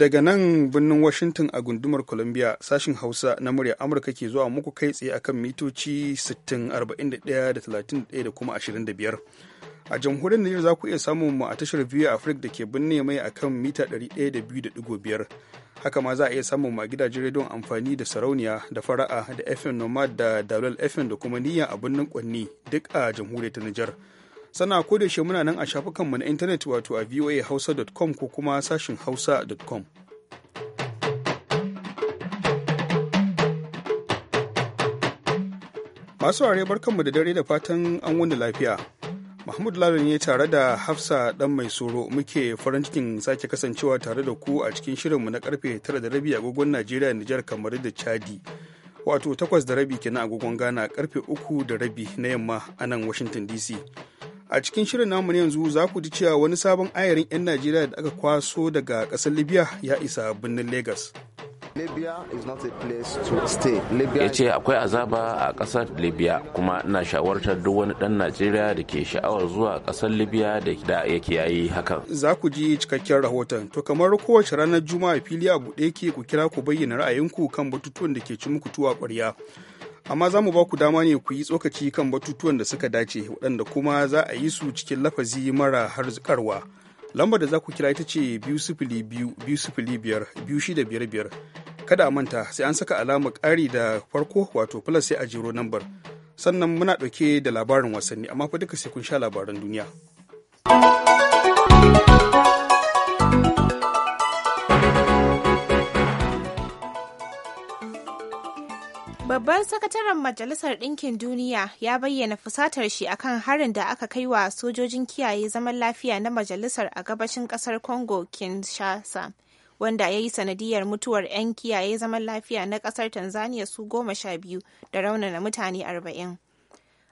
daga nan birnin washington a gundumar columbia sashin hausa na murya amurka ke zuwa muku kai tsaye akan mitoci 6.41 da 31 da kuma 25 a jamhuriyar Nijar za ku iya samun mu a tashar biyu afirka da ke binne mai akan mita 102.5 haka ma za a iya samun ma gidajen rediyon amfani da sarauniya da fara'a da fm nomad da dalal fm da kuma niyya a birnin kwanni duk a jamhuriyar ta nijar sana ko da shi muna nan a shafukanmu na intanet wato a voahausa.com ko kuma sashin hausa.com masu ware barkanmu da dare da fatan an wani lafiya mahmud lalo ne tare da hafsa dan mai soro muke farin cikin sake kasancewa tare da ku a cikin shirinmu na karfe 9 da rabi agogon najeriya nijar kamar da chadi wato 8 da rabi kenan agogon ghana karfe 3 da rabi na yamma a nan washington dc a cikin shirin namu yanzu za ku ji cewa wani sabon ayarin 'yan najeriya da aka kwaso daga ƙasar libya ya isa birnin lagos ya ce akwai azaba a ƙasar libya kuma ina shawartar duk wani ɗan najeriya da ke sha'awar zuwa kasar libya da ya kiyaye hakan za ku ji cikakken rahoton to kamar kowace ranar juma'a fili a buɗe ke ku kira ku bayyana ra'ayinku kan batutuwan da ke ci muku tuwa ƙwarya amma za mu ba ku dama ne ku yi tsokaci kan batutuwan da suka dace waɗanda kuma za a yi su cikin lafazi mara harzikarwa lambar da za ku kira ita ce biyu sifili biyu biyu sifili biyar biyu shida biyar biyar kada a manta sai an saka alamar ƙari da farko wato plus sai a jero lambar sannan muna ɗauke da labarin wasanni amma fa duka sai kun sha labaran duniya. Babban sakataren Majalisar Ɗinkin Duniya ya bayyana fusatar shi akan harin da aka kai wa sojojin kiyaye zaman lafiya na majalisar a gabashin ƙasar Congo Kinshasa, wanda ya yi sanadiyar mutuwar 'yan kiyaye zaman lafiya na ƙasar Tanzania su goma sha biyu da raunana mutane arba'in.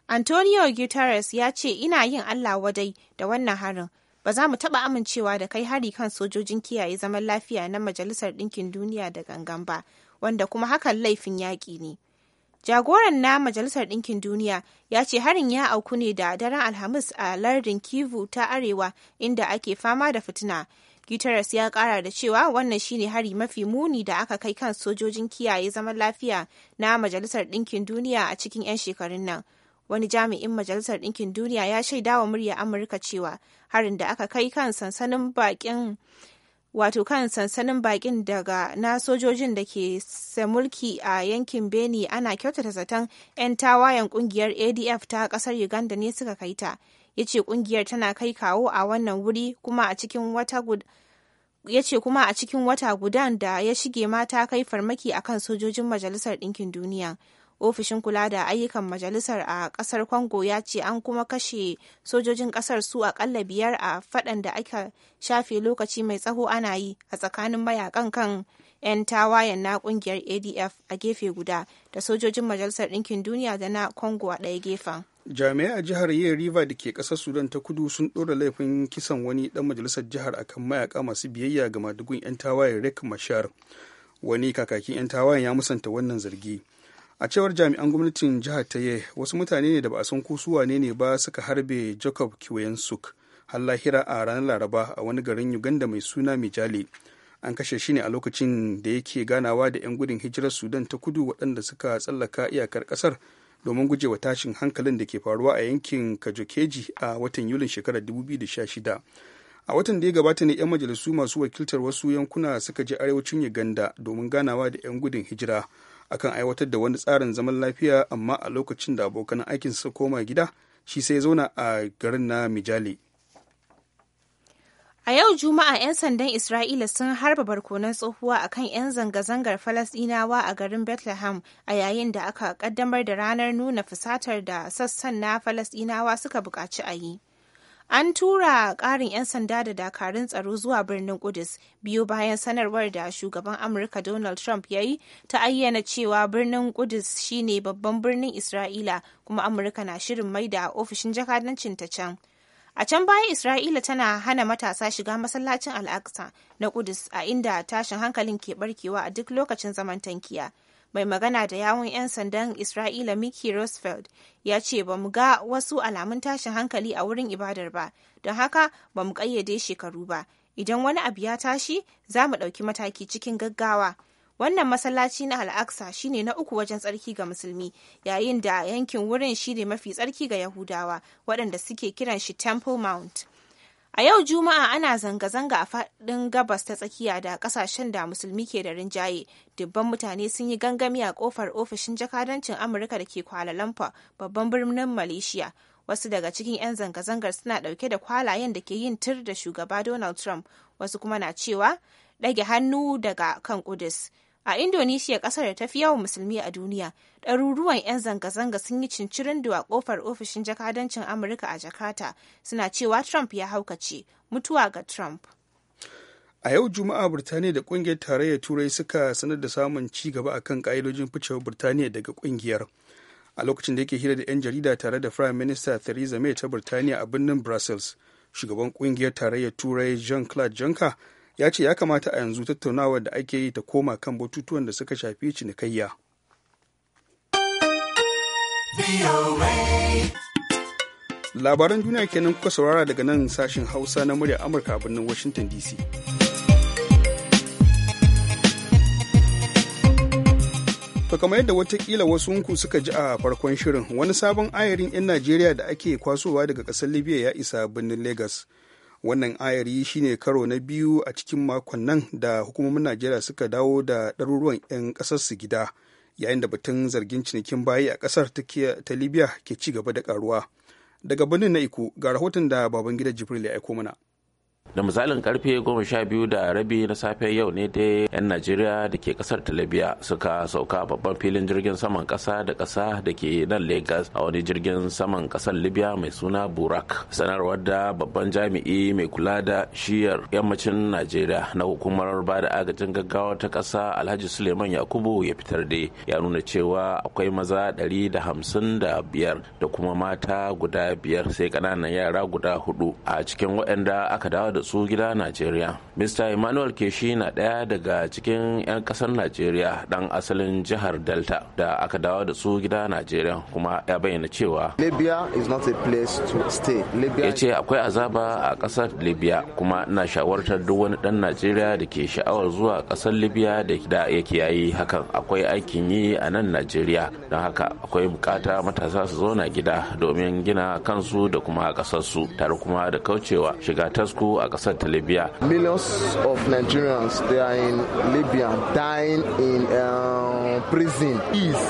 Antonio Guterres ya ce, Ina yin Allah wadai da wannan harin, ba za mu taɓa amincewa da kai hari kan sojojin kiyaye zaman lafiya na Majalisar Ɗinkin Duniya da gangan ba, wanda kuma hakan laifin yaƙi ne. Jagoran na Majalisar Ɗinkin Duniya ya ce harin ya auku ne da daren Alhamis a lardin Kivu ta Arewa inda ake fama da fitina. Guterres ya kara da cewa wannan shine hari mafi muni da aka kai kan sojojin kiyaye zaman lafiya na Majalisar Ɗinkin Duniya a cikin 'yan shekarun nan. Wani jami'in Majalisar Ɗinkin Duniya ya shaidawa murya Amurka cewa harin da aka kai kan sansanin bakin wato kan sansanin bakin daga na sojojin da ke mulki a yankin beni ana kyautata zaton 'yan tawayen kungiyar adf ta kasar uganda ne suka kai ta ya ce kungiyar tana kai kawo a wannan wuri kuma a cikin wata kuma a cikin wata gudan da ya shige mata kai farmaki akan sojojin majalisar ɗinkin duniya ofishin kula da ayyukan majalisar a kasar congo ya ce an kuma kashe sojojin kasar su akalla biyar a faɗan da aka shafe lokaci mai tsaho ana yi a tsakanin mayakan kan 'yan tawayen na kungiyar adf a gefe guda da sojojin majalisar ɗinkin duniya da na congo a ɗaya gefen jami'ai a jihar yin river da ke ƙasar sudan ta kudu sun ɗora laifin kisan wani ɗan majalisar jihar akan mayaka masu biyayya ga madugun 'yan tawayen rick mashar wani kakakin 'yan tawayen ya musanta wannan zargi a cewar jami'an gwamnatin jihar ta ye wasu mutane ne da ba a san kusuwa ne ne ba suka harbe jacob suk har lahira a ranar laraba a wani garin uganda mai suna mijali an kashe shi ne a lokacin da yake ganawa da 'yan gudun hijirar sudan ta kudu waɗanda suka tsallaka iyakar ƙasar domin gujewa tashin hankalin da ke faruwa a yankin kajokeji a watan yulin shekarar 2016 a watan da ya gabata ne 'yan majalisu masu wakiltar wasu yankuna suka je arewacin uganda domin ganawa da 'yan gudun hijira akan aiwatar da wani tsarin zaman lafiya amma a lokacin da abokan aikin su koma gida shi sai zauna a garin na mijali a yau juma'a 'yan sandan isra'ila sun harba barkonan tsohuwa a kan 'yan zanga-zangar falasdinawa a garin bethlehem a yayin da aka kaddamar da ranar nuna fusatar da sassan na falasdinawa suka buƙaci a yi An tura ƙarin 'yan sanda da dakarun tsaro zuwa birnin Kudus biyu bayan sanarwar da shugaban Amurka Donald Trump ya yi ta ayyana cewa birnin Kudus shine babban birnin Isra'ila kuma Amurka na shirin maida ofishin jakadancin ta can. A can baya Isra'ila tana hana matasa shiga masallacin al na Kudus a inda tashin hankalin ke barkewa a duk lokacin zaman tankiya. mai magana da yawon 'yan sandan isra'ila mickey roosevelt ya ce ba mu ga wasu alamun tashin hankali a wurin ibadar ba don haka ba mu ƙayyade shekaru ba idan wani abu ya tashi za mu ɗauki mataki cikin gaggawa wannan masallaci na al'aksa shine na uku wajen tsarki ga musulmi yayin da yankin wurin shi ne mafi tsarki ga yahudawa waɗanda suke kiran shi temple mount A yau Juma'a ana zanga-zanga a faɗin gabas ta tsakiya da ƙasashen da musulmi ke da rinjaye. Dubban mutane sun yi gangami a ƙofar ofishin jakadancin Amurka da ke Kuala Lumpur, babban birnin Malaysia. Wasu daga cikin 'yan zanga-zangar suna ɗauke da kwalayen da ke yin tur da shugaba Donald Trump, wasu kuma na cewa ɗage hannu daga kan Kudus. A Indonesia kasar da ta fi yawan musulmi a duniya, ɗaruruwan 'yan zanga-zanga sun yi cincirindo a kofar ofishin jakadancin Amurka a Jakarta suna cewa Trump ya haukace, mutuwa ga Trump. A yau Juma'a Birtaniya da ƙungiyar tarayyar Turai suka sanar da samun ci gaba a kan ƙa'idojin ficewar Birtaniya daga ƙungiyar. A lokacin da yake hira da 'yan jarida tare da Prime Minister Theresa May ta Birtaniya a birnin Brussels, shugaban ƙungiyar tarayyar Turai Jean-Claude Juncker ya ce ya kamata a yanzu tattaunawar da ake yi ta koma kan batutuwan da suka shafi cinikayya. Labaran duniya kenan kuka saurara daga nan sashen Hausa na murya Amurka a birnin Washington DC. To kamar yadda watakila wasu ku suka ji a farkon shirin wani sabon ayarin 'yan Najeriya da ake kwasowa daga ƙasar Libya ya isa birnin Lagos. wannan ayari shine karo na biyu a cikin makon nan da hukumomin najeriya suka dawo da ɗaruruwan 'yan ƙasarsu gida yayin da batun zargin cinikin bayi a ƙasar ta libya ke ci gaba da ƙaruwa daga birnin na iko ga rahoton da babangida jibril ya aiko mana da misalin karfe goma sha biyu da rabi na safe yau ne dai 'yan najeriya da ke kasar talabiya suka sauka babban filin jirgin saman kasa da kasa da ke nan Legas a wani jirgin saman kasar libya mai suna burak sanarwar da babban jami'i mai kula da shiyar yammacin najeriya na hukumar ba da agajin gaggawa ta kasa alhaji suleiman yakubu ya fitar da ya nuna cewa akwai maza ɗari da hamsin da biyar da kuma mata guda biyar sai ƙananan yara guda hudu a cikin waɗanda aka dawo da su gida najeriya mr emmanuel keshi na ɗaya daga cikin 'yan ƙasar najeriya ɗan asalin jihar delta da aka dawo da su gida najeriya kuma ya bayyana cewa libya is not a place to stay ya ce akwai azaba a kasar libya kuma na shawartar duk wani ɗan najeriya da ke sha'awar zuwa kasar libya da ya yayi hakan akwai aikin yi a nan najeriya don haka akwai bukata matasa su zauna gida domin gina kansu da kuma ƙasarsu tare kuma da kaucewa shiga tasku a kasar ta libya millions of nigerians they are in libya dying in um, prison please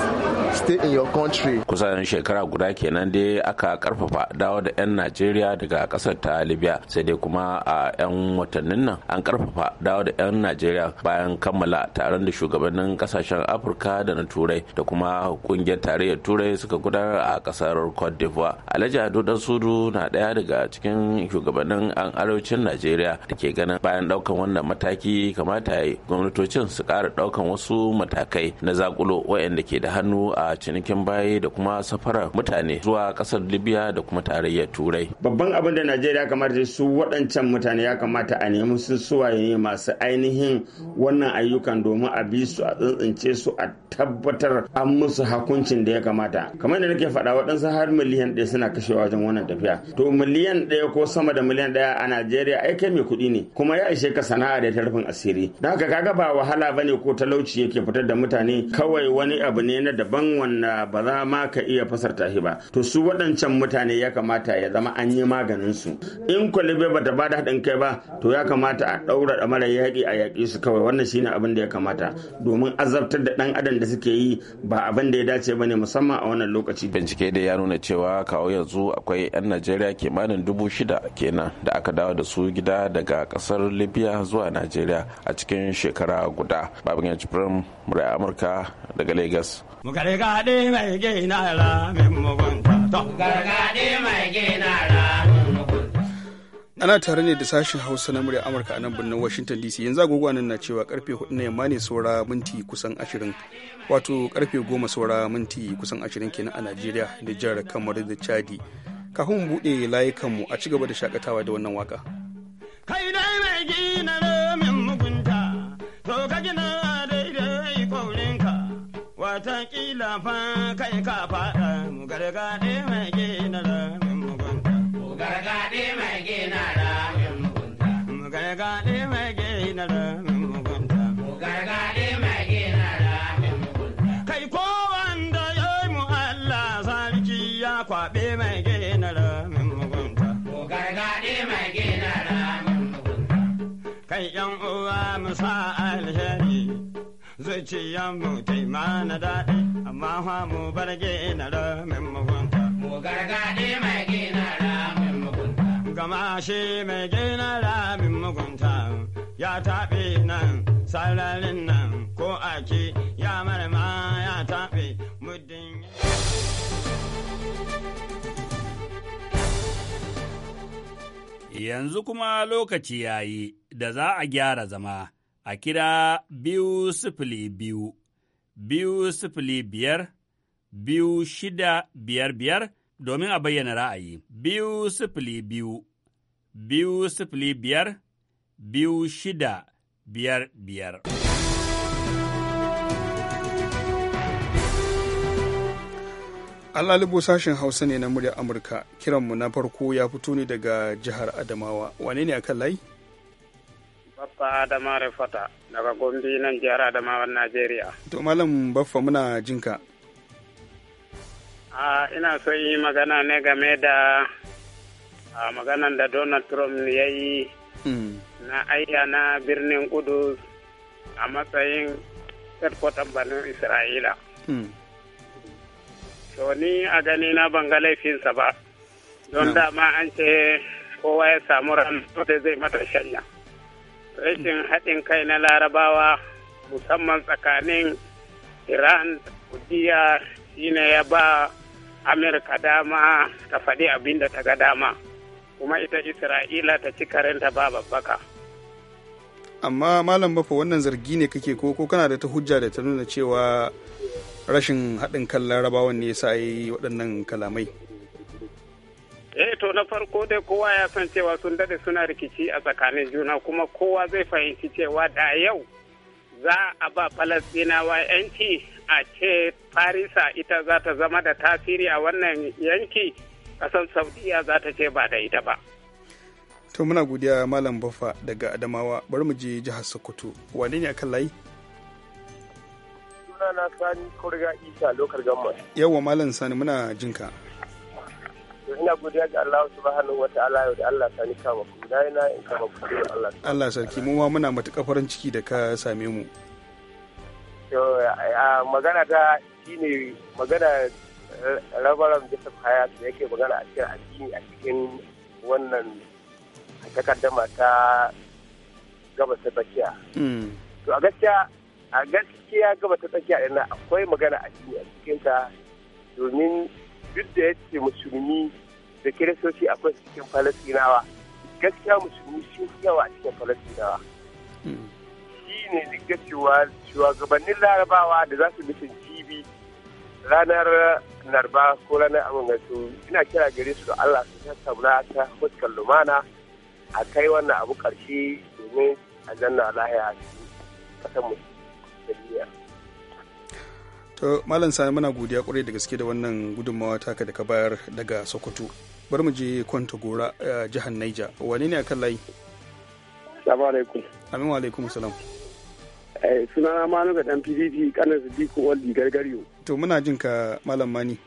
stay in your country kusan shekara guda kenan dai aka karfafa dawo da 'yan najeriya daga kasar ta libya sai dai kuma a 'yan watannin nan an karfafa dawo da 'yan najeriya bayan kammala taron da shugabannin kasashen afirka da na turai da kuma kungiyar tarayyar turai suka gudanar a kasar cote d'ivoire alhaji ado dan sudu na daya daga cikin shugabannin an arewacin najeriya da ke ganin bayan daukan wannan mataki kamata yi gwamnatocin su kara daukan wasu matakai na zakulo wayanda ke da hannu a cinikin bayi da kuma safarar mutane zuwa kasar libya da kuma tarayyar turai babban abin da najeriya kamata su waɗancan mutane ya kamata a nemi su suwaye masu ainihin wannan ayyukan domin a bi su a tsintsince su a tabbatar an musu hakuncin da ya kamata kamar da nake faɗa waɗansu har miliyan ɗaya suna kashewa wajen wannan tafiya to miliyan ɗaya ko sama da miliyan ɗaya a najeriya ai kai mai kuɗi ne kuma ya ishe ka sana'a da ta rufin asiri don haka kaga ba wahala ba ne ko talauci yake fitar da mutane kawai wani abu ne na daban wanda ba za ma ka iya fasarta shi ba to su waɗancan mutane ya kamata ya zama an yi maganin su in kwalibe ba ta bada haɗin kai ba to ya kamata a ɗaura mara yaƙi a yaƙi su kawai wannan shine abin da ya kamata domin azabtar da ɗan adam da suke yi ba abin da ya dace ba ne musamman a wannan lokaci bincike da ya nuna cewa kawo yanzu akwai 'yan najeriya kimanin dubu shida kenan da aka dawo da su gida daga kasar libya zuwa nigeria a cikin shekara guda babin yanci firin murai amurka daga lagos ana tare ne da sashen hausa na murya amurka a nan birnin washington dc yanzu agogo nan na cewa karfe 4 na yamma ne saura minti kusan 20 wato karfe 10 saura minti kusan 20 kenan a nigeria da jihar kamar da chadi kafin mu buɗe layukanmu a ci gaba da shakatawa da wannan waka. kai dai mai gina ramin mugunta to ka gina daidai kaurinka watakila fa kai ka faɗa mu gargaɗe mai gina ramin zuciyanmu ta ma na daɗi amma fa mu bar gina ramin mugunta. Mu gargaɗi mai gina ramin mugunta. Gama shi mai gina ramin mugunta ya taɓe nan sararin nan ko ake ya mara ma ya taɓe muddin. Yanzu kuma lokaci ya yi da za a gyara zama. a kira biyu sifili biyu, biyu sifili biyar, biyu shida biyar biyar domin a bayyana ra'ayi. Biyu sifili biyu, biyu sifili biyar, biyu shida biyar biyar. Alalibu sashen Hausa ne na muryar Amurka, kiranmu na farko ya fito ne daga jihar Adamawa, wane ne a kan layi? Baffa Adama Refata daga Gombe nan jihar adama Adamawan Najeriya. To Malam Baffa muna jinka. A ah, ina so yi magana ne game da a ah, maganan da Donald Trump ya yi hmm. na na birnin Kudus a matsayin headquarter banin Isra'ila. Hmm. To ni a gani na ban ga laifinsa ba, don dama an ce kowa ya samu ran da zai mata shanya. rashin haɗin kai na larabawa musamman tsakanin iran shi shine ya ba amurka dama ta faɗi abin da ta ga dama kuma ita isra'ila ta ci karenta ba babbaka amma malam bafa wannan zargi ne kake ko ko kana da ta hujja da ta nuna cewa rashin haɗin kan larabawan ne ya sa yi waɗannan kalamai to na farko dai kowa ya san cewa sun dade suna rikici a tsakanin juna kuma kowa zai fahimci cewa da yau za a ba falastinawa yanci a ce farisa ita za ta zama da tasiri a wannan yanki kasar saudiya za ta ce ba da ita ba to muna godiya malam bafa daga adamawa bari mu je jihar sokoto wane ne akan layi na sani kurga isa lokar yau yawa malam sani muna jinka ina godiya ga Allah subhanahu wataala da Allah sani kama ku na yi kama ku Allah Allah sarki mu ma muna matuƙa farin ciki da ka same mu to magana ta shine magana rabaran Joseph haya da yake magana a cikin addini a cikin wannan takaddama ta gaba ta tsakiya. Hmm. To a gaskiya a gaskiya gaba ta tsakiya ɗin akwai magana a cikin ta domin duk da ce musulmi da kiristoci akwai cikin falasinawa gaskiya musulmi sun fi yawa a cikin falasinawa hmm. shi ne da cewa shugabannin larabawa da za su nufin jibi ranar narba ko ranar su ina kira gare su da allah su tattauna ta fuskar lumana a kai wannan abu karshe domin a zanna lahiya a cikin ƙasar musulmi to malam sani muna godiya kwarai da gaske da wannan gudunmawa taka da ka bayar daga sokoto bari mu je kwanta gora eh, jihar naija wane ne akan layi salamu alaikum amin alaikum salam eh, sunana manu ga dan pdp kanar su diko waldi gargariyo to muna jin ka malam mani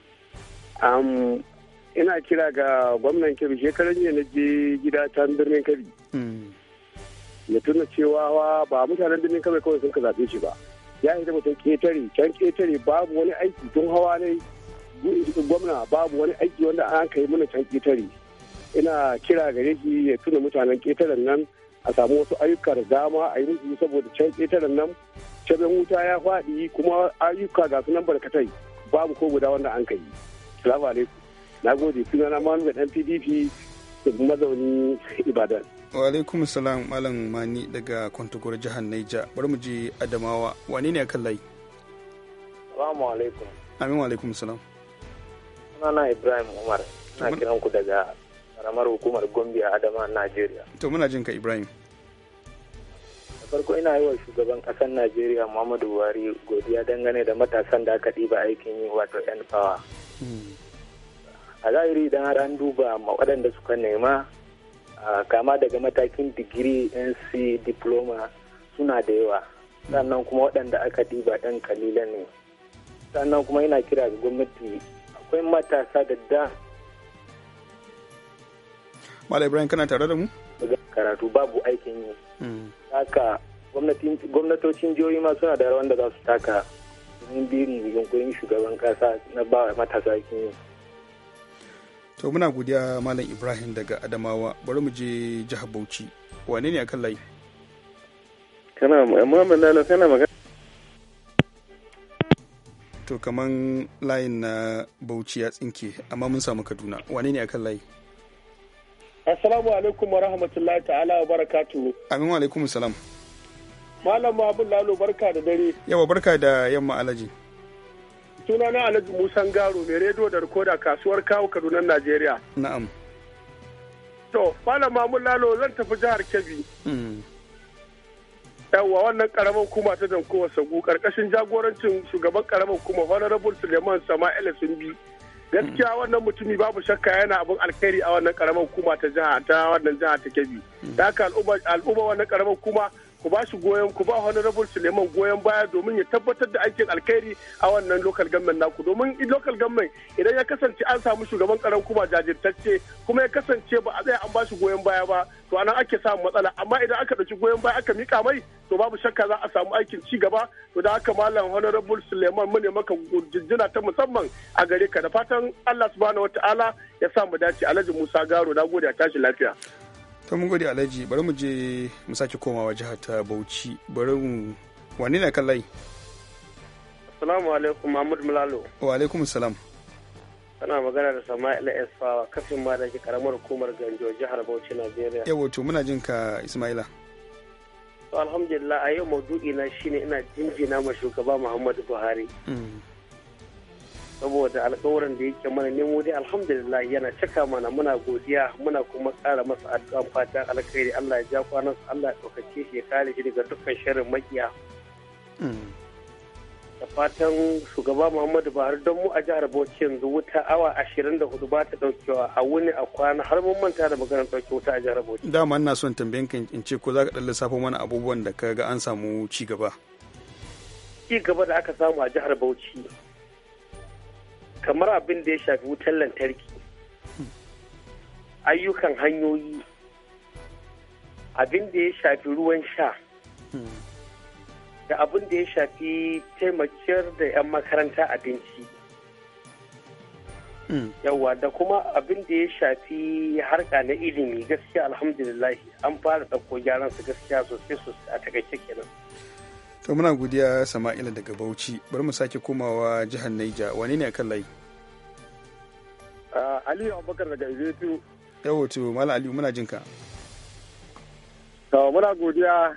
ina kira ga gwamnan kebbi shekaran jiya na je gida ta birnin kebbi hmm. ya tuna cewa ba mutanen birnin kebbi kawai sun ka zaɓe shi ba ya isa mutum ketare can ketare babu wani aiki tun hawa ne gwamna babu wani aiki wanda an kai mana can ketare ina kira gare shi ya tuna mutanen ketaren nan a samu wasu ayyuka da dama a yi musu saboda can ketaren nan cabin wuta ya faɗi kuma ayyuka ga sunan barkatai babu ko guda wanda an kai salamu alaikum na gode sunana manuel dan pdp mazaunin ibadan wa alaikum salam malam mani daga kwantagoro jihar naija bari mu je adamawa wane ne akan layi salamu alaikum amin wa alaikum salam sunana ibrahim umar na kiran ku daga karamar hukumar gombe a adama najeriya to muna jin ka ibrahim da farko ina yi wa shugaban kasar najeriya muhammadu buhari godiya dangane da matasan da aka ɗiba aikin yi wato yan fawa hmm. a zahiri idan har an duba waɗanda suka nema Ah, kama daga matakin digiri nc diploma suna da yawa sannan kuma waɗanda aka diba ɗan kalilan ne sannan kuma yana kira ga gwamnati akwai matasa da da Mala Ibrahim kana tare da mu? Karatu babu aikin yi. Hmm. Haka gwamnatocin jihohi ma suna da rawan da za su taka Yin biri yunkurin shugaban kasa na ba matasa aikin yi. to muna godiya malam ibrahim daga adamawa bari mu je jihar bauchi wane ne akan layi kana muhammad lalo kana magana to kaman layin na bauchi ya tsinke amma mun samu kaduna wane ne akan layi assalamu alaikum wa rahmatullahi ta'ala wa barakatuhu amin wa alaikum salam malam abu lalo barka da dare yawa barka da yamma alaji sunana alhaji musan garo mai rediyo da rikoda kasuwar kawo kaduna najeriya na'am to mamun lalo zan tafi jihar kebbi hmm. yawwa wannan karamar kuma ta kowa sagu karkashin jagorancin shugaban karamar kuma honorable suleiman sama sun bi gaskiya hmm. wannan mutumi babu shakka yana abin alkhairi a wannan karamar kuma ta jiha ta wannan jiha ta kebbi hmm. da haka al'umma wannan karamar kuma ku ba shi goyon ku ba honorable suleiman goyon baya domin ya tabbatar da aikin alkhairi a wannan local government naku domin local government idan ya kasance an samu shugaban karan kuma jajirtacce kuma ya kasance ba a tsaya an ba shi goyon baya ba to anan ake samun matsala amma idan aka ɗauki goyon baya aka mika mai to babu shakka za a samu aikin ci gaba to da haka malam honorable suleiman mu ne maka jinjina ta musamman a gare ka da fatan allah subhanahu wataala ya sa mu dace alhaji musa garo na gode a tashi lafiya to mun gode alhaji bari mu je mu sake komawa jihar ta bauchi bari mu wani na kallai assalamu alaikum mahmud mulalo wa alaikum salam kana magana da sama'il esfawa kafin ma da karamar hukumar ganjo jihar bauchi najeriya yawo to muna jin ka ismaila to alhamdulillah a yau maudu'i na shine ina jinjina ma shugaba muhammadu buhari mm. saboda alkawarin da yake mana nemo dai alhamdulillah yana cika mana muna godiya muna kuma kara masa addu'an fatan alkhairi Allah ya ja kwanan Allah ya ɗaukace shi ya kare shi daga dukkan sharrin makiya. Hmm. Da fatan shugaba Muhammadu Buhari don mu a jihar Bauchi yanzu wuta awa ashirin da hudu ba ta ɗaukewa a wuni a kwana har mun manta da maganar ɗauke wuta a jihar Bauchi. Dama ina son tambayen ka in ce ko za ka ɗan lissafo mana abubuwan da ka ga an samu ci gaba. Ci gaba da aka samu a jihar Bauchi. kamar abin da ya shafi wutar lantarki ayyukan hanyoyi abin da ya shafi ruwan sha da abin da ya shafi taimakiyar da 'yan makaranta abinci yawa da kuma abin da ya shafi harka na ilimi gaskiya alhamdulillah an fara ɗauko gyaran su gaskiya sosai sosai a takaice kenan to muna godiya sama'ila daga bauchi bari mu sake komawa jihar naija wane ne akan layi ah, ali abubakar daga ibetu yawo to mala ali muna jinka to muna godiya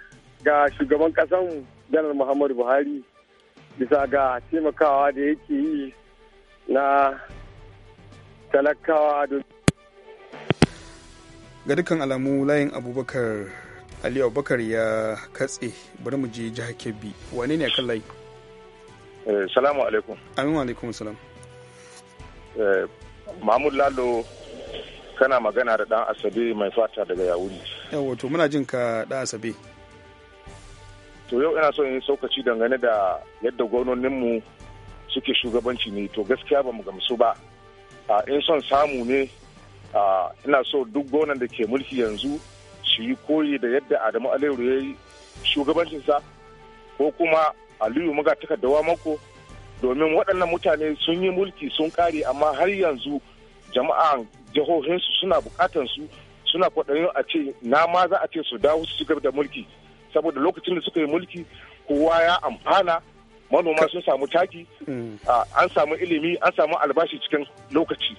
ga shugaban kasanmu janar muhammadu buhari bisa ga taimakawa da yake yi na talakawa ga dukkan alamu layin abubakar ali abubakar ya katse bari mu je jihar kebbi wane ne kan layi eh, salamu alaikum amin alaikum salam eh, mahmud lalo kana magana da dan asabe mai fata daga yawuri yawa to muna jin ka ɗan asabe to yau ina so in saukaci dangane da yadda gwamnoninmu suke shugabanci ne to gaskiya ba mu gamsu ba ah, in son samu ne ah, ina so duk gonan da ke mulki yanzu su yi koyi da yadda adamu aliyu ya yi shugabancinsa ko kuma aliyu muga takardawa mako domin waɗannan mutane sun yi mulki sun kare amma har yanzu jama'an jihohinsu suna bukatan su suna kwaɗayin a ce na ma za a ce su dawo su cigaba da mulki saboda lokacin da suka yi mulki kowa ya amfana manoma sun samu taki mm. an samu ilimi an samu albashi cikin lokaci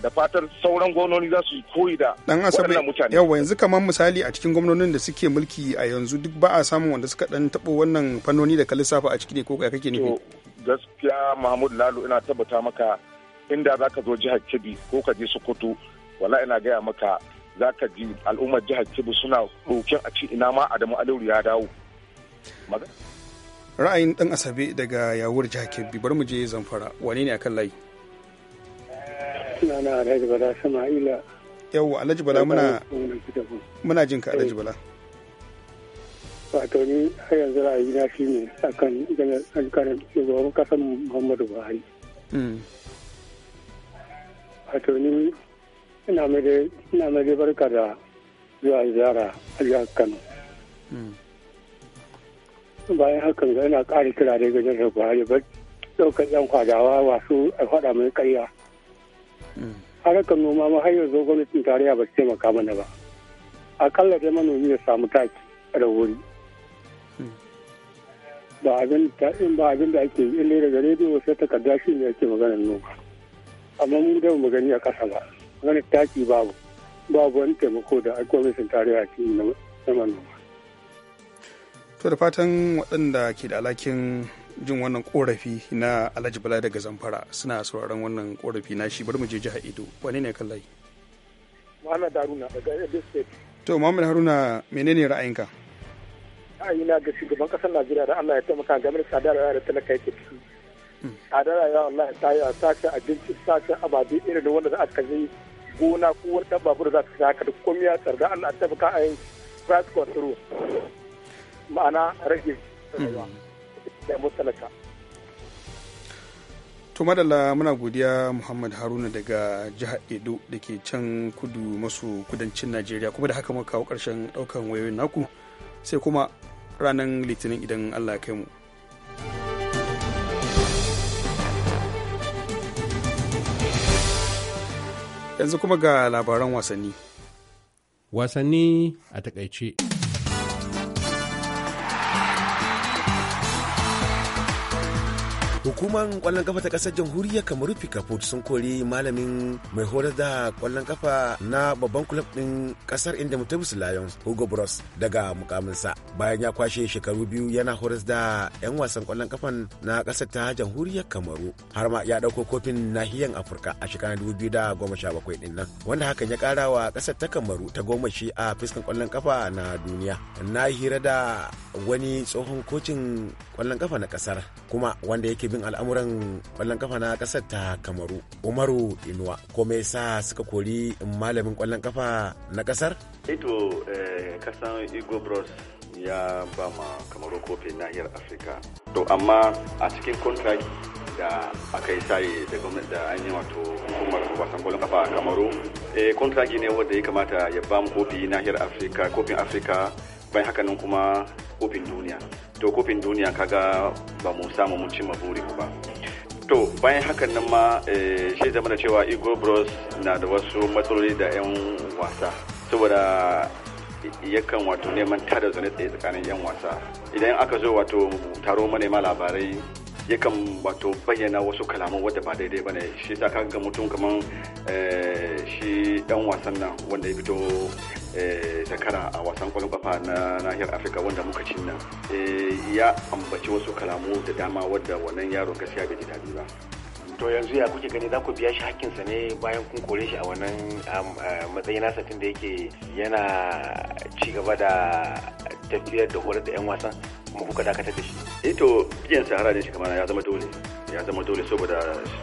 da fatar sauran gwamnoni za su koyi da waɗannan mutane. Yawa yanzu kamar misali a cikin gwamnonin da suke mulki a yanzu duk ba a samun wanda suka ɗan taɓo wannan fannoni da ka lissafa a ciki ne ko kai kake nufi. Gaskiya Mahmud lalu ina tabbata maka inda za ka zo jihar Kebbi ko ka je Sokoto wala ina gaya maka za ka ji al'ummar jihar Kebbi suna ɗokin a ci ina ma Adamu Aliyu ya dawo. Ra'ayin dan Asabe daga yawur jihar Kebbi bari mu je Zamfara wane ne akan layi? suna na alhaji bala sama'ila yau alhaji bala muna muna jin ka alhaji eh. bala wato ni har yanzu ra'ayi na shi ne a akan ganin karin shugaban kasan muhammadu buhari hmm. wato ni ina mai da barka da zuwa ziyara a jihar kano hmm. bayan hakan ga ina ƙara kira da gajen da buhari ba ɗaukar yan kwadawa wasu a faɗa mai ƙarya harkar noma ma har yanzu gwamnatin tarayya ba su taimaka mana ba akalla dai manomi ya samu taki da wuri ba abin ba abin da ake yi ne daga rediyo sai takarda shi ne ake maganar noma amma mun da mu gani a kasa ba magana taki babu babu wani taimako da gwamnatin tarayya ke yi na manoma to da fatan waɗanda ke da alakin jin wannan korafi na alhaji bala daga zamfara suna sauraron wannan korafi na shi bari mu je jihar ido wani ne kan layi muhammad haruna daga edo state to muhammad haruna menene ra'ayinka ra'ayina ga shugaban kasar najeriya da allah ya taimaka game da tsadar rayuwa da talaka yake ciki hmm. tsadar rayuwa allah ya tayi a sashen abinci sashen ababe irin wanda za a kaje gona ko wani ɗan babur za ta haka da komai ya tsarda allah ya taimaka a yin price control ma'ana rage rayuwa damu da la muna godiya muhammad haruna daga jihar edo da ke can kudu maso kudancin najeriya kuma da haka muka kawo karshen daukan wayoyin naku sai kuma ranar litinin idan allah ya kai mu yanzu kuma ga labaran wasanni wasanni a takaice Hukumar kwallon kafa ta kasar jamhuriyar Kamaru Pikaput sun kori malamin mai horar da kwallon kafa na babban kulab din kasar inda Mutabus Lions Hugo Bros daga mukaminsa bayan ya kwashe shekaru biyu yana horas da 'yan wasan kwallon kafan na kasar ta jamhuriyar Kamaru har ma ya dauko kofin nahiyar Afirka a shekarar 2017 din nan wanda hakan ya kara wa kasar ta Kamaru ta goma shi a fiskan kwallon kafa na duniya na yi hira da wani tsohon kocin kwallon kafa na kasar kuma wanda yake bin al'amuran kwallon kafa na kasar ta kamaru umaru inuwa ko me yasa suka kori malamin kwallon kafa na kasar ito eh eh, kasan igbo bros ya ba ma kamaru kofi nahiyar afirka to amma a cikin contract da aka yi sayi da gwamnati da an yi wato hukumar wasan kwallon kafa a kamaru eh ne wanda ya kamata ya ba mu kofi nahiyar afirka kofin afirka bai haka nan kuma kofin duniya to kofin duniya kaga ba mu samu mun cimma burin ba to bayan hakan nan ma eh, shi zama da cewa igor bros na da wasu matsaloli da 'yan wasa saboda yakan wato neman tada zane tsaye tsakanin 'yan wasa idan aka zo wato taro manema labarai yakan wato bayyana wasu kalaman wadda ba daidai ba ne shi sa kaga mutum kamar eh, shi dan wasan nan wanda ya fito ta eh, a wasan kwallon kafa na nahiyar afirka wanda muka cin eh, ya ambaci wasu kalamu da dama wadda wannan yaron gaskiya bai ji daɗi ba to yanzu ya kuke gani za ku biya shi hakkinsa ne bayan kun kore shi a wannan matsayi na satin da yake yana ci gaba da tafiyar da horar da 'yan wasan kuma kuka dakatar da shi. Ito eh biyan sahara ne shi kamar ya zama dole. ya zama dole saboda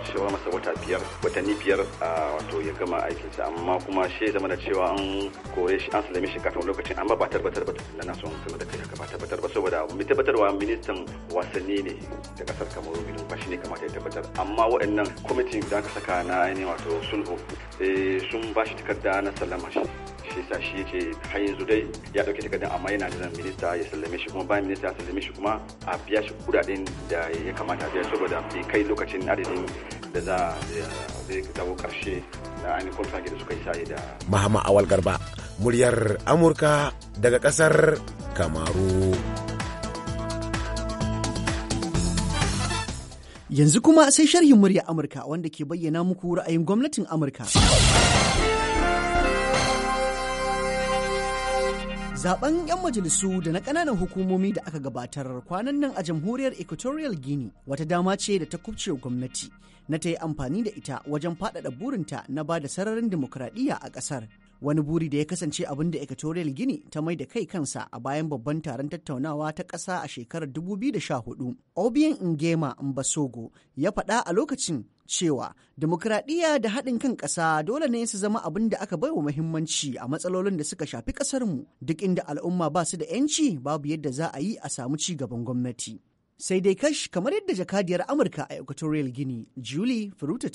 cewa masa wata biyar watanni biyar a wato ya gama aikinsa amma kuma shi zama da cewa an kore shi an salame shi kafin lokacin amma ba tabbatar ba da na son kuma da kai haka ba tabbatar ba saboda mai tabbatarwa ministan wasanni ne da kasar kamaru bilin ba shi ne kamata ya tabbatar amma waɗannan kwamitin da aka saka na ainihin wato sulhu eh, sun ba shi takarda na sallama shi shi shi yake har yanzu dai ya dauke takardar amma yana jiran minista ya sallame shi kuma bayan minista ya sallame shi kuma a biya shi kudaden da ya kamata biya saboda bai kai lokacin adadin da za zai zabo karshe na ainihin kwamfani da suka yi saye da mahama awal garba muryar amurka daga kasar kamaru yanzu kuma sai sharhin murya amurka wanda ke bayyana muku ra'ayin gwamnatin amurka Zaben 'yan majalisu da na ƙananan hukumomi da aka gabatar kwanan nan a jamhuriyar Equatorial Guinea wata dama ce da ta kubce gwamnati na ta yi amfani da ita wajen faɗaɗa burinta na ba da sararin demokradiyya a ƙasar. Wani buri da ya kasance abin da Equatorial Guinea ta mai da kai kansa a bayan babban taron tattaunawa ta ƙasa a shekarar 2014. Obiang Ngema Mbasogo ya faɗa a lokacin cewa demokradiyya da haɗin kan ƙasa dole ne su zama abin da aka baiwa muhimmanci a matsalolin da suka shafi ƙasarmu duk inda al'umma ba su da 'yanci babu yadda za a yi a samu ci gaban gwamnati. sai dai kash kamar yadda jakadiyar amurka a equatorial guinea julie fruta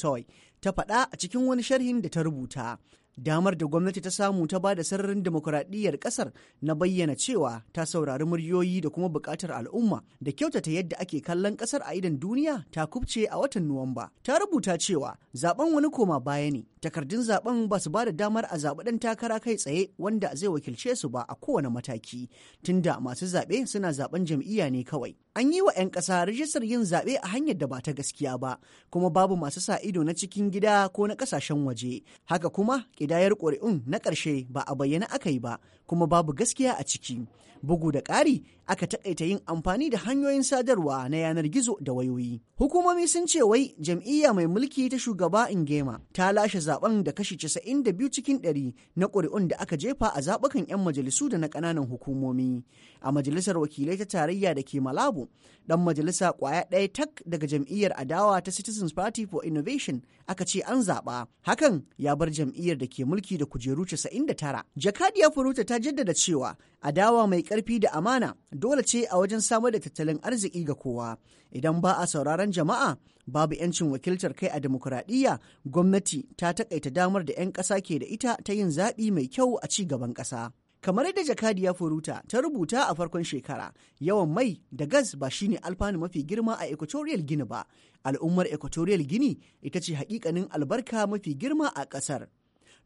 ta faɗa a cikin wani sharhin da ta rubuta damar da gwamnati ta samu ta ba da sararin demokuraɗiyyar ƙasar na bayyana cewa ta saurari muryoyi da kuma buƙatar al'umma da kyautata yadda ake kallon ƙasar a idan duniya ta kubce a watan Nuwamba. Ta rubuta cewa zaben wani koma baya ne, takardun zaben ba su ba da damar a zaɓi ɗan takara kai tsaye wanda zai wakilce su ba a kowane mataki, tunda masu zaɓe suna zaɓen jam'iyya ne kawai. an yi wa 'yan ƙasa rajistar yin zaɓe a hanyar da ba ta gaskiya ba kuma babu masu sa ido na cikin gida ko na ƙasashen waje haka kuma ƙidayar ƙuri'un na ƙarshe ba a bayyana aka yi ba kuma babu gaskiya a ciki. Bugu da ƙari aka taƙaita yin amfani da hanyoyin sadarwa na yanar gizo da wayoyi. Hukumomi sun ce wai jam'iyya mai mulki ta shugaba in Ingema ta lashe zaben da kashi 92 cikin 100 na ƙuri'un da aka jefa a zaɓukan 'yan majalisu da na ƙananan hukumomi. A majalisar wakilai ta tarayya da ke Malabo, ɗan majalisa ƙwaya ɗaya tak daga jam'iyyar adawa ta Citizens Party for Innovation aka ce an zaɓa. Hakan ya bar jam'iyyar da ke mulki da kujeru 99. Jakadiya Furuta ta ta jaddada cewa adawa mai karfi da amana dole ce a wajen samar da tattalin arziki ga kowa idan ba a sauraron jama'a babu 'yancin wakiltar kai a demokuraɗiyya gwamnati ta takaita damar da 'yan ƙasa ke da ita ta yin zaɓi mai kyau a ci gaban ƙasa kamar yadda jakadiya furuta ta rubuta a farkon shekara yawan mai da gas ba shine alfanu mafi girma a equatorial gini ba al'ummar equatorial gini ita ce hakikanin albarka mafi girma a ƙasar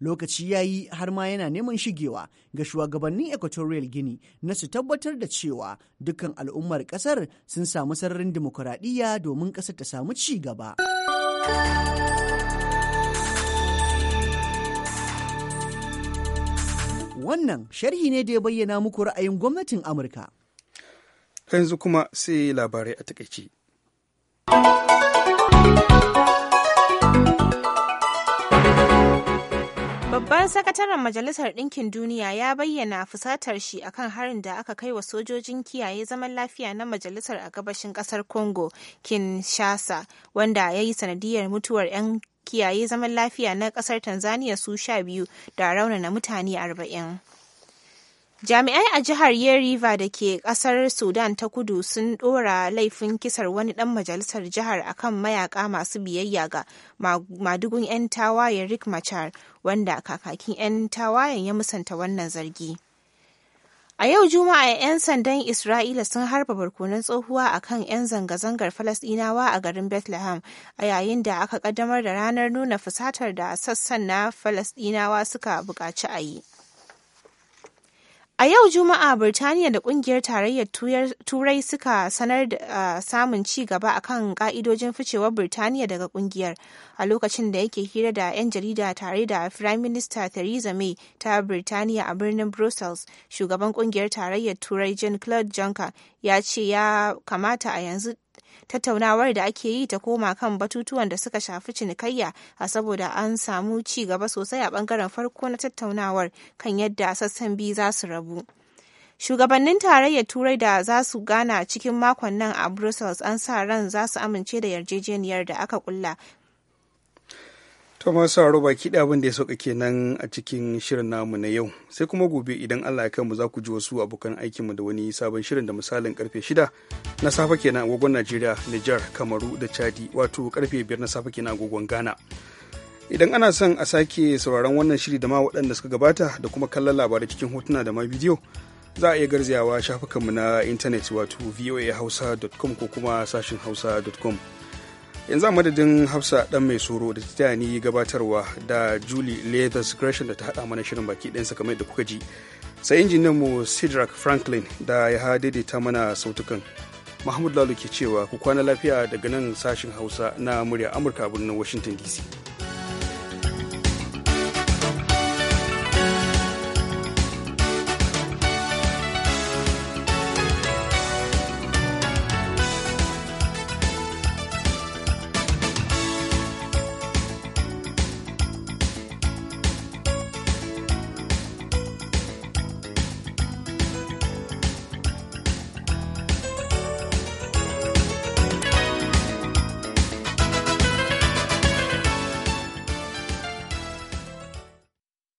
lokaci ya yi har ma yana neman shigewa ga shugabannin equatorial guinea na su tabbatar da cewa dukkan al'ummar kasar sun samu sararin demokuraɗiyya domin kasar ta samu ci gaba. Wannan sharhi ne da ya bayyana muku ra'ayin gwamnatin Amurka. Yanzu kuma sai labarai a takaici. sakataren Majalisar Ɗinkin Duniya ya bayyana fusatar shi akan harin da aka kai wa sojojin kiyaye zaman lafiya na majalisar a gabashin ƙasar Congo, Kinshasa, wanda ya yi sanadiyar mutuwar 'yan kiyaye zaman lafiya na ƙasar Tanzania su sha biyu da raunana mutane arba'in. Jami'ai a jihar Yeriva da ke kasar Sudan ta kudu sun ɗora laifin kisar wani ɗan majalisar jihar akan mayaka masu biyayya ga madugun 'yan tawayen Rick Machar, wanda kakakin 'yan tawayen ya musanta wannan zargi. A yau Juma'a 'yan sandan Isra'ila sun harba barkonon tsohuwa a kan 'yan zanga-zangar Falasɗinawa a garin Bethlehem a yayin da aka ƙaddamar da ranar nuna fusatar da sassan na Falasɗinawa suka buƙaci a yi. A yau Juma'a Birtaniya da kungiyar tarayyar Turai suka sanar da uh, samun ci gaba a kan ka'idojin ficewar Birtaniya daga kungiyar a lokacin da yake hira da 'yan jarida tare da Prime Minister Theresa May ta Birtaniya a birnin Brussels. Shugaban kungiyar tarayyar Turai Jean-Claude Juncker ya ce ya kamata a yanzu tattaunawar da ake yi ta koma kan batutuwan da suka shafi cinikayya a saboda an samu ci gaba sosai a bangaren farko na tattaunawar kan yadda sassan biyu za su rabu shugabannin tarayyar turai da za su gana cikin makon nan a brussels an sa ran za su amince da yarjejeniyar da aka kulla Thomas Sauro baki da abin da ya sauka kenan a cikin shirin namu na yau. Sai kuma gobe idan Allah ya mu za ku ji wasu abokan aikinmu da wani sabon shirin da misalin karfe 6 na safe kenan agogon Najeriya, Nijar, Kamaru da Chadi wato karfe biyar na safe kenan agogon Ghana. Idan ana son a sake sauraron wannan shiri da ma waɗanda suka gabata da kuma kallon labarai cikin hotuna da ma bidiyo za a iya garzayawa shafukanmu na intanet wato voahausa.com ko kuma sashin hausa.com. yanzu a madadin hafsa dan mai soro da ta ni gabatarwa da julie leathers gresham da ta hada mana shirin baki ɗayansa kamar da kuka ji sai injiniyan mu cedric franklin da ya daidaita mana sautukan mahmud lalu ke cewa ku kwana lafiya daga nan sashin hausa na murya amurka a birnin washington dc